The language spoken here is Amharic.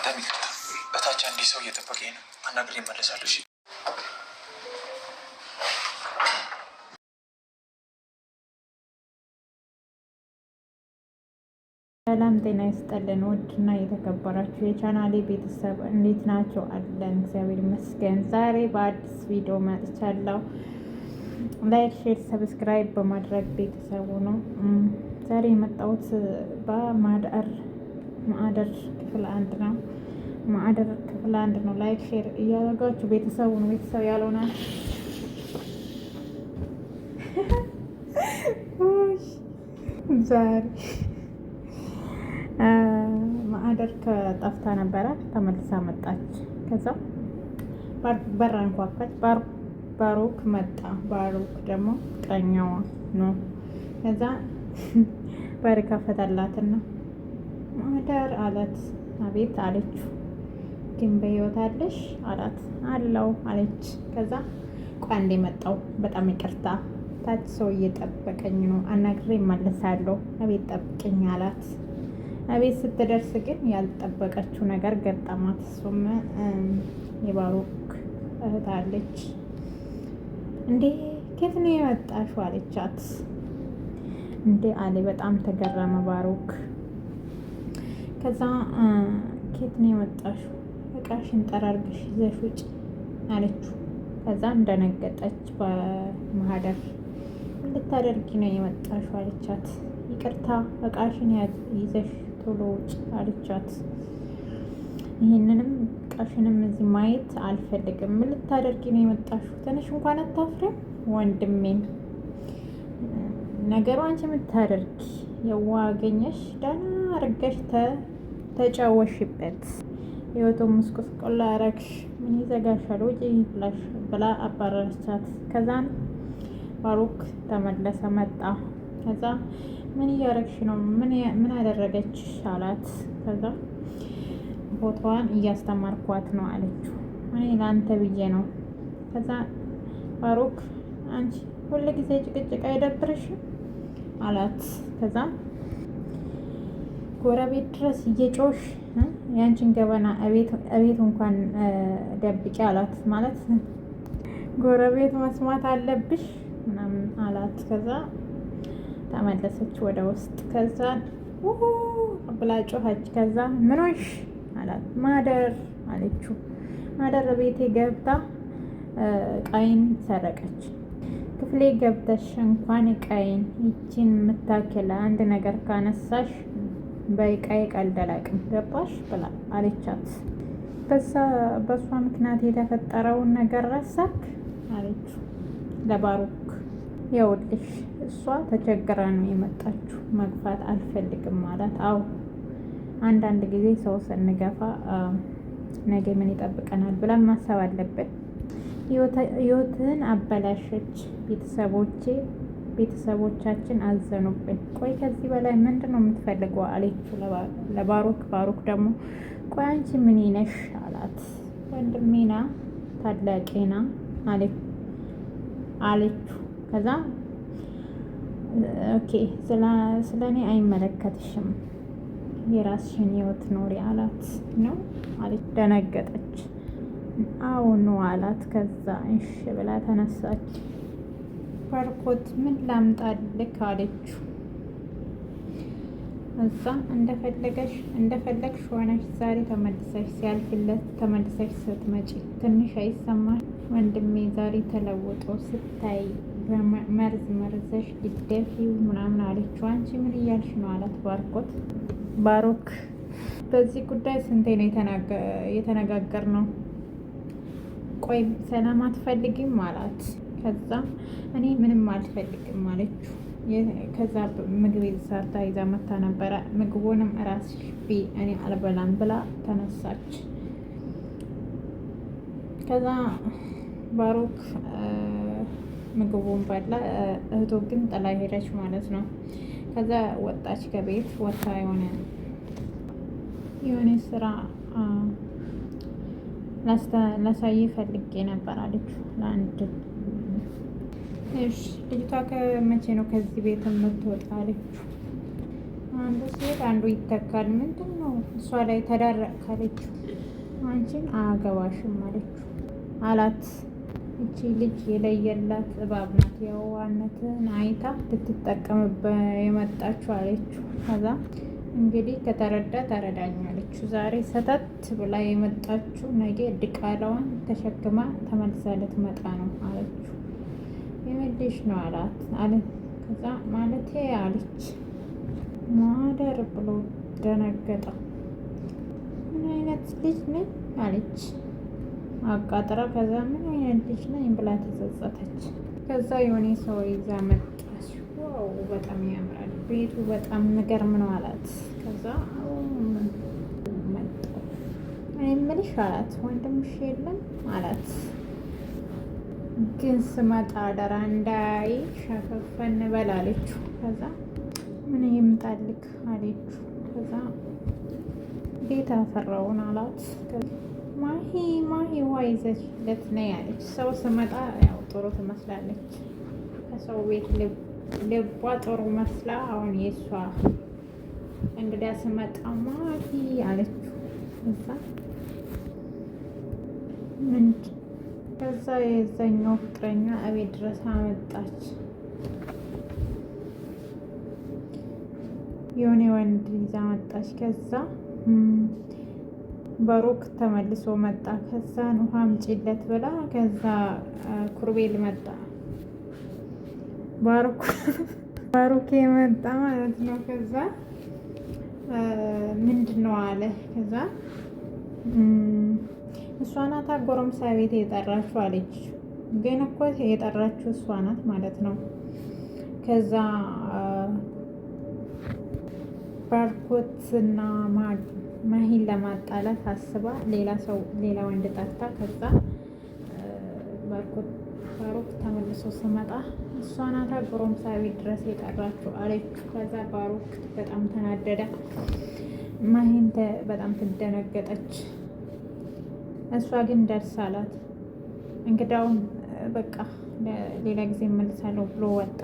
አጋጣሚ ይቅርታ፣ በታች አንድ ሰው እየጠበቀኝ ነው። አናግሬ እመለሳለሁ። እሺ ሰላም ጤና ይስጠልን። ውድና የተከበራችሁ የቻናሌ ቤተሰብ እንዴት ናቸው? አለን እግዚአብሔር ይመስገን። ዛሬ በአዲስ ቪዲዮ መጥቻለሁ። ላይክ፣ ሼር፣ ሰብስክራይብ በማድረግ ቤተሰቡ ነው ዛሬ የመጣሁት በማዳር ማዕደር ክፍል አንድ ነው። ማዕደር ክፍል አንድ ነው። ላይክ ሼር እያደረጋችሁ ቤተሰቡን ቤተሰብ ያልሆነ ዛሬ ማዕደር ከጠፍታ ነበረ ተመልሳ መጣች። ከዛ በራ አንኳኳች። ባሮክ መጣ። ባሮክ ደግሞ ቀኛዋ ነው። ከዛ በር ከፈተላትና ማህደር አለት። አቤት አለችው። ግን በህይወት አለሽ አላት። አለው አለች። ከዛ ቋንዴ መጣው። በጣም ይቅርታ ታች ሰው እየጠበቀኝ ነው፣ አናግሬ እመለሳለሁ። አቤት ጠብቅኝ አላት። አቤት ስትደርስ ግን ያልጠበቀችው ነገር ገጠማት። እሱም የባሮክ እህት አለች። እንዴ ከየት ነው የመጣሽው አለቻት። እንዴ አለ። በጣም ተገረመ ባሮክ ከዛ ኬት ነው የመጣሹ እቃሽን ጠራርግሽ ይዘሽ ውጭ አለችው። ከዛ እንደነገጠች በማህደር እንድታደርጊ ነው የመጣሹ አለቻት። ይቅርታ እቃሽን ይዘሽ ቶሎ ውጭ አለቻት። ይህንንም እቃሽንም እዚህ ማየት አልፈልግም። ምን ልታደርጊ ነው የመጣሹ? ትንሽ እንኳን አታፍሪም? ወንድሜን ነገሩ አንቺ የምታደርጊ የዋገኘሽ ደህና አድርገሽ ተጫወሽበት። ህይወቱን ምስቁስቁል አረግሽ፣ ምን ይዘጋሻል? ውጪ ብላ አባረረቻት። ከዛን ባሩክ ተመለሰ መጣ። ከዛ ምን እያረግሽ ነው? ምን ያደረገች አላት። ከዛ ቦታዋን እያስተማርኳት ነው አለችው። እኔ ለአንተ ብዬ ነው። ከዛ ባሩክ አንቺ ጊዜ ጭቅጭቅ አይደብርሽም አላት። ከዛ ጎረቤት ድረስ እየጮሽ ያንቺን ገበና እቤት እንኳን ደብቂ አላት። ማለት ጎረቤት መስማት አለብሽ ምናምን አላት። ከዛ ተመለሰች ወደ ውስጥ። ከዛ ብላ ጮኸች። ከዛ ምኖሽ አላት። ማደር አለችው። ማደር ቤቴ ገብታ ቀይን ሰረቀች። ክፍሌ ገብተሽ እንኳን ቀይን ይችን የምታክል አንድ ነገር ካነሳሽ በይቃይ ቀልድ አላውቅም ገባሽ ብላ አለቻት። በዛ በእሷ ምክንያት የተፈጠረውን ነገር ረሳክ አለች ለባሩክ። ይኸውልሽ እሷ ተቸግራ ነው የመጣችው መግፋት አልፈልግም ማለት አዎ አንዳንድ ጊዜ ሰው ስንገፋ ነገ ምን ይጠብቀናል ብለን ማሰብ አለብን። ህይወትህን አበላሸች ቤተሰቦቼ ቤተሰቦቻችን አዘኑብን። ቆይ ከዚህ በላይ ምንድን ነው የምትፈልገው? አለችው ለባሮክ። ባሮክ ደግሞ ቆይ አንቺ ምን ይነሽ አላት። ወንድሜና ታላቄና አለችው። ከዛ ኦኬ ስለ እኔ አይመለከትሽም የራስሽን ህይወት ኖሪ አላት። ነው አለች። ደነገጠች። አዎ ነው አላት። ከዛ እሺ ብላ ተነሳች። ባርኮት ምን ላምጣልክ አለችው። እዛ እንደፈለገሽ እንደፈለግሽ ሆነሽ ዛሬ ተመልሰሽ ሲያልፍለት ተመልሰሽ ስትመጪ ትንሽ አይሰማሽ ወንድሜ ዛሬ ተለውጦ ስታይ በመርዝ መርዘሽ ልደፊው ምናምን አለችው። አንቺ ምን እያልሽ ነው አላት ባርኮት። ባሮክ በዚህ ጉዳይ ስንቴ ነው የተነጋገር ነው? ቆይ ሰላም አትፈልጊም አላት። ከዛ እኔ ምንም አልፈልግም አለችው። ከዛ ምግብ የተሰርታ ይዛ መታ ነበረ። ምግቡንም ራስሽ ብዪ እኔ አልበላም ብላ ተነሳች። ከዛ ባሮክ ምግቡን በላ። እህቶ ግን ጥላ ሄደች ማለት ነው። ከዛ ወጣች ከቤት ወታ የሆነ የሆነ ስራ ላሳይ ፈልጌ ነበር አለች ለአንድ እሺ ልጅቷ ከመቼ ነው ከዚህ ቤት የምትወጣ አለችው። አንዱ ሲሄድ አንዱ ይተካል። ምንድን ነው እሷ ላይ ተዳረቅ አለችው። አንቺን አያገባሽም አለችው አላት። እቺ ልጅ የለየላት እባብ ናት። የዋህነትን አይታ ልትጠቀምበት የመጣችው አለችው። ከዛ እንግዲህ ከተረዳ ታረዳኛለች። ዛሬ ሰተት ብላ የመጣችው ነገ ድቃላዋን ተሸክማ ተመልሳ ልትመጣ ነው አለችው። የምልሽ ነው አላት አለ። ከዛ ማለቴ አለች። ማደር ብሎ ደነገጠ። ምን አይነት ልጅ ነኝ አለች አቃጥራ። ከዛ ምን አይነት ልጅ ነኝ ብላ ተጸጸተች። ከዛ የሆነ ሰው ይዛ መጣች። ዋው በጣም ያምራል ቤቱ በጣም ንገርም ነው አላት። ከዛ መጣ። እኔ የምልሽ አላት ወንድምሽ የለም አላት ግን ስመጣ አደራ እንዳይ ሸፈፈን በል አለችው። ከዛ ምን ይምጣልክ አለችው። ከዛ ቤት አፈራውን አላት። ማሂ ማሂ ዋይዘችለት ነ ያለች ሰው ስመጣ ያው ጥሩ ትመስላለች። ከሰው ቤት ልቧ ጥሩ መስላ አሁን የእሷ እንግዳ ስመጣ ማሂ አለችው። ከዛ ምንድን ከዛ የዛኛው ፍቅረኛ እቤት ድረስ አመጣች። የሆነ ወንድ ይዛ መጣች። ከዛ በሩክ ተመልሶ መጣ። ከዛን ውሃ አምጪለት ብላ ከዛ ኩርቤል መጣ። ባሮክ የመጣ ማለት ነው። ከዛ ምንድን ነው አለ ከዛ እሷ ናት ጎረምሳ ቤት የጠራችሁ አለች። ግን እኮ የጠራችሁ እሷ ናት ማለት ነው። ከዛ ባርኮትና ማሂን ለማጣላት አስባ ሌላ ሰው ሌላ ወንድ ጠርታ ከዛ ባርኮት ባሮክ ተመልሶ ስመጣ እሷ ናት ጎረምሳ ቤት ድረስ የጠራችሁ አለች። ከዛ ባሮክ በጣም ተናደደ። ማሂን በጣም ትደነገጠች። እሷ ግን ደርስ አላት። እንግዳውም በቃ ሌላ ጊዜ እመልሳለሁ ብሎ ወጣ።